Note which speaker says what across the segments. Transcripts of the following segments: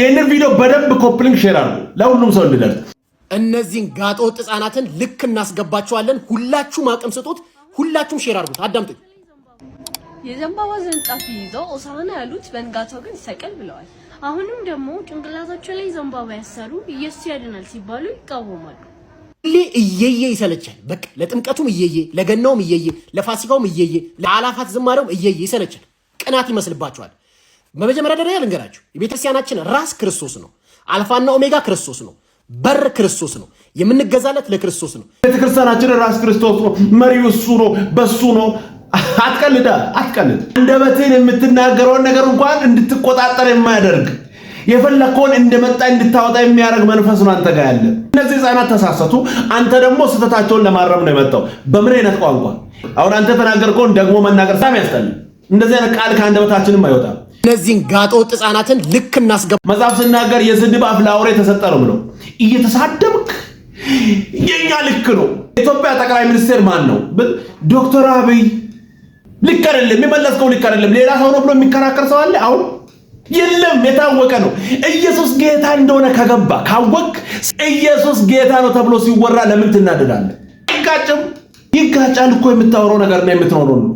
Speaker 1: ይህንን ቪዲዮ በደንብ ኮፕሊንግ ሼር አድርጉ፣ ለሁሉም ሰው እንድደርስ።
Speaker 2: እነዚህን ጋጠወጥ ህፃናትን ልክ እናስገባቸዋለን። ሁላችሁም አቅም ስጡት፣ ሁላችሁም ሼር አድርጉት። አዳምጡኝ።
Speaker 3: የዘንባባ ዝንጣፊ ይዘው ኦሳና ያሉት በንጋታው ግን ይሰቀል ብለዋል። አሁንም ደግሞ ጭንቅላታቸው ላይ ዘንባባ ያሰሩ ኢየሱስ ያድናል ሲባሉ ይቃወማሉ።
Speaker 2: ሁሌ እየየ ይሰለቻል። በቃ ለጥምቀቱም እየየ፣ ለገናውም እየየ፣ ለፋሲካውም እየየ፣ ለአላፋት ዝማሬውም እየየ ይሰለቻል። ቅናት ይመስልባቸዋል። በመጀመሪያ ደረጃ ልንገራችሁ የቤተክርስቲያናችን ራስ ክርስቶስ ነው። አልፋና ኦሜጋ ክርስቶስ ነው። በር ክርስቶስ ነው። የምንገዛለት ለክርስቶስ ነው።
Speaker 1: ቤተክርስቲያናችን ራስ ክርስቶስ ነው። መሪው እሱ ነው። በሱ ነው። አትቀልዳ፣ አትቀልድ። አንደበትህን የምትናገረውን ነገር እንኳን እንድትቆጣጠር የማያደርግ የፈለግከውን እንደመጣ እንድታወጣ የሚያደርግ መንፈስ ነው አንተ ጋር ያለ። እነዚህ ህፃናት ተሳሰቱ፣ አንተ ደግሞ ስህተታቸውን ለማረም ነው የመጣው። በምን አይነት ቋንቋ አሁን አንተ ተናገርከውን ደግሞ መናገር ሳም ያስጠል። እንደዚህ አይነት ቃል ከአንደበታችንም አይወጣም።
Speaker 2: እነዚህን ጋጠወጥ ህጻናትን ልክ እናስገባ።
Speaker 1: መጽሐፍ ስናገር የዝንብ አፍ ለአውሬ የተሰጠ ነው ብለው እየተሳደብክ የኛ ልክ ነው። የኢትዮጵያ ጠቅላይ ሚኒስቴር ማን ነው? ዶክተር አብይ ልክ አይደለም፣ የመለስከው ልክ አይደለም፣ ሌላ ሰው ነው ብሎ የሚከራከር ሰው አለ አሁን የለም የታወቀ ነው። ኢየሱስ ጌታ እንደሆነ ከገባ ካወቅ ኢየሱስ ጌታ ነው ተብሎ ሲወራ ለምን ትናደዳለህ? ይጋጭም ይጋጫል እኮ የምታወራው ነገር ነው የምትኖረው ነው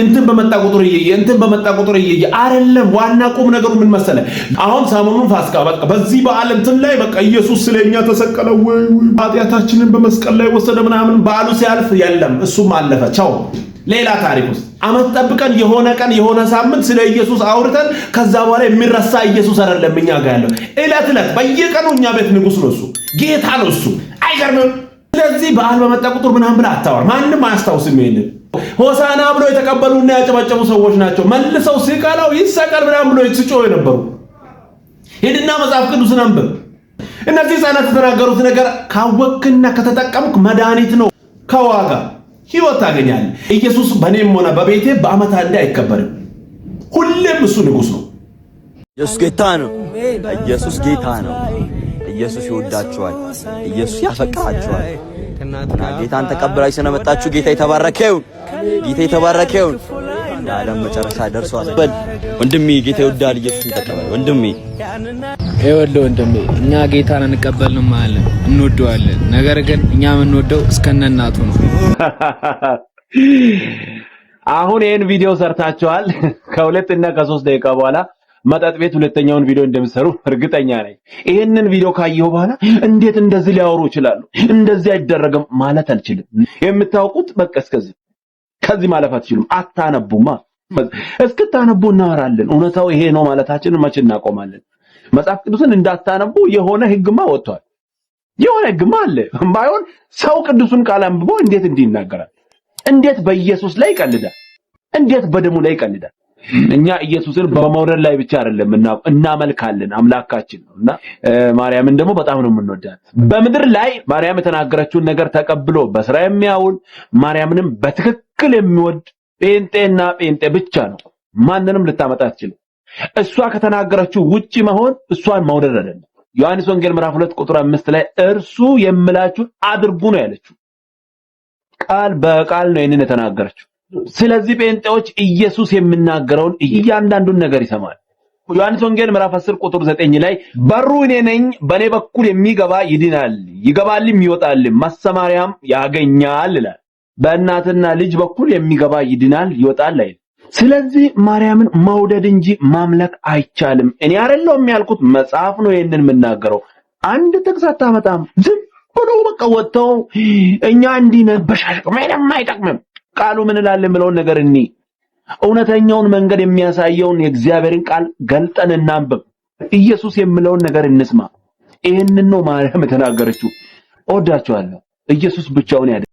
Speaker 1: እንትን በመጣ ቁጥር እየየ እንትን በመጣ ቁጥር እየየ አይደለም። ዋና ቁም ነገሩ ምን መሰለ? አሁን ሰሞኑን ፋሲካ በቃ በዚህ በዓል እንትን ላይ በቃ ኢየሱስ ስለኛ ተሰቀለ ወይ ኃጢአታችንን በመስቀል ላይ ወሰደ ምናምን በዓሉ ሲያልፍ የለም፣ እሱም አለፈ ቻው፣ ሌላ ታሪክ ውስጥ አመት ጠብቀን የሆነ ቀን የሆነ ሳምንት ስለ ኢየሱስ አውርተን ከዛ በኋላ የሚረሳ ኢየሱስ አይደለም እኛ ጋር ያለው። እለት እለት በየቀኑ እኛ ቤት ንጉስ ነው እሱ፣ ጌታ ነው እሱ። አይገርምም? እንደዚህ በዓል በመጣ ቁጥር ምናምን ብላ አታወር። ማንም አያስታውስም። ይሄንን ሆሳና ብሎ የተቀበሉና ያጨበጨቡ ሰዎች ናቸው። መልሰው ሲቀላው ይሰቀል ምናምን ብሎ ሲጮ የነበሩ ሄድና መጽሐፍ ቅዱስን አንብብ። እነዚህ ህፃናት የተናገሩት ነገር ካወክና ከተጠቀምክ መድኃኒት ነው ከዋጋ ህይወት ታገኛለህ። ኢየሱስ በእኔም ሆነ በቤቴ በአመት አንድ አይከበርም። ሁሌም እሱ ንጉሥ ነው።
Speaker 4: ኢየሱስ ጌታ ነው። ኢየሱስ ጌታ ነው። ኢየሱስ ይወዳችኋል። ኢየሱስ ያፈቅራችኋል። ጌታን ተቀብላችሁ ስለመጣችሁ ጌታ የተባረከ ይሁን። ጌታ የተባረከ ይሁን። ለዓለም መጨረሻ ደርሷል። በል ወንድሜ፣ ጌታ ይወዳል። ኢየሱስ ተቀበል ወንድሜ። ይኸውልህ ወንድሜ፣ እኛ ጌታን እንቀበልንም ማለት እንወደዋለን። ነገር ግን እኛ የምንወደው እስከነ እናቱ ነው።
Speaker 1: አሁን ይህን ቪዲዮ ሰርታችኋል። ከሁለት እና ከሶስት ደቂቃ በኋላ መጠጥ ቤት ሁለተኛውን ቪዲዮ እንደምሰሩ እርግጠኛ ነኝ። ይህንን ቪዲዮ ካየሁ በኋላ እንዴት እንደዚህ ሊያወሩ ይችላሉ? እንደዚህ አይደረግም ማለት አልችልም። የምታውቁት በቃ እስከዚህ ከዚህ ማለፍ አትችሉም። አታነቡማ። እስክታነቡ እናወራለን። እውነታው ይሄ ነው ማለታችን መቼ እናቆማለን? መጽሐፍ ቅዱስን እንዳታነቡ የሆነ ህግማ ወጥቷል። የሆነ ህግማ አለ። ባይሆን ሰው ቅዱሱን ቃል አንብቦ እንዴት እንዲህ ይናገራል? እንዴት በኢየሱስ ላይ ይቀልዳል? እንዴት በደሙ ላይ ይቀልዳል? እኛ ኢየሱስን በመውደድ ላይ ብቻ አይደለም እና እናመልካለን አምላካችን ነው እና ማርያምን ደግሞ በጣም ነው የምንወዳት። በምድር ላይ ማርያም የተናገረችውን ነገር ተቀብሎ በስራ የሚያውል ማርያምንም በትክክል የሚወድ ጴንጤና ጴንጤ ብቻ ነው። ማንንም ልታመጣ አትችልም። እሷ ከተናገረችው ውጪ መሆን እሷን መውደድ አይደለም። ዮሐንስ ወንጌል ምዕራፍ 2 ቁጥር 5 ላይ እርሱ የምላችሁን አድርጉ ነው ያለችው። ቃል በቃል ነው ይህንን የተናገረችው። ስለዚህ ጴንጤዎች ኢየሱስ የምናገረውን እያንዳንዱን ነገር ይሰማል። ዮሐንስ ወንጌል ምዕራፍ 10 ቁጥር 9 ላይ በሩ እኔ ነኝ፣ በኔ በኩል የሚገባ ይድናል፣ ይገባልም ይወጣልም ማሰማሪያም ያገኛል ይላል። በእናትና ልጅ በኩል የሚገባ ይድናል፣ ይወጣል ላይ ስለዚህ ማርያምን መውደድ እንጂ ማምለክ አይቻልም። እኔ አይደለሁም ያልኩት መጽሐፍ ነው ይሄንን የምናገረው። አንድ ጥቅስ አታመጣም። ዝም ብሎ በቃ ወጥተው እኛ እንዲህ ነን በሻሽ ምንም አይጠቅምም። ቃሉ ምን ላል የምለውን ነገር እኒ እውነተኛውን መንገድ የሚያሳየውን የእግዚአብሔርን ቃል ገልጠን እናንብብ። ኢየሱስ የምለውን ነገር እንስማ። ይህንን ነው ማርያም የተናገረችው። እወዳችኋለሁ። ኢየሱስ ብቻውን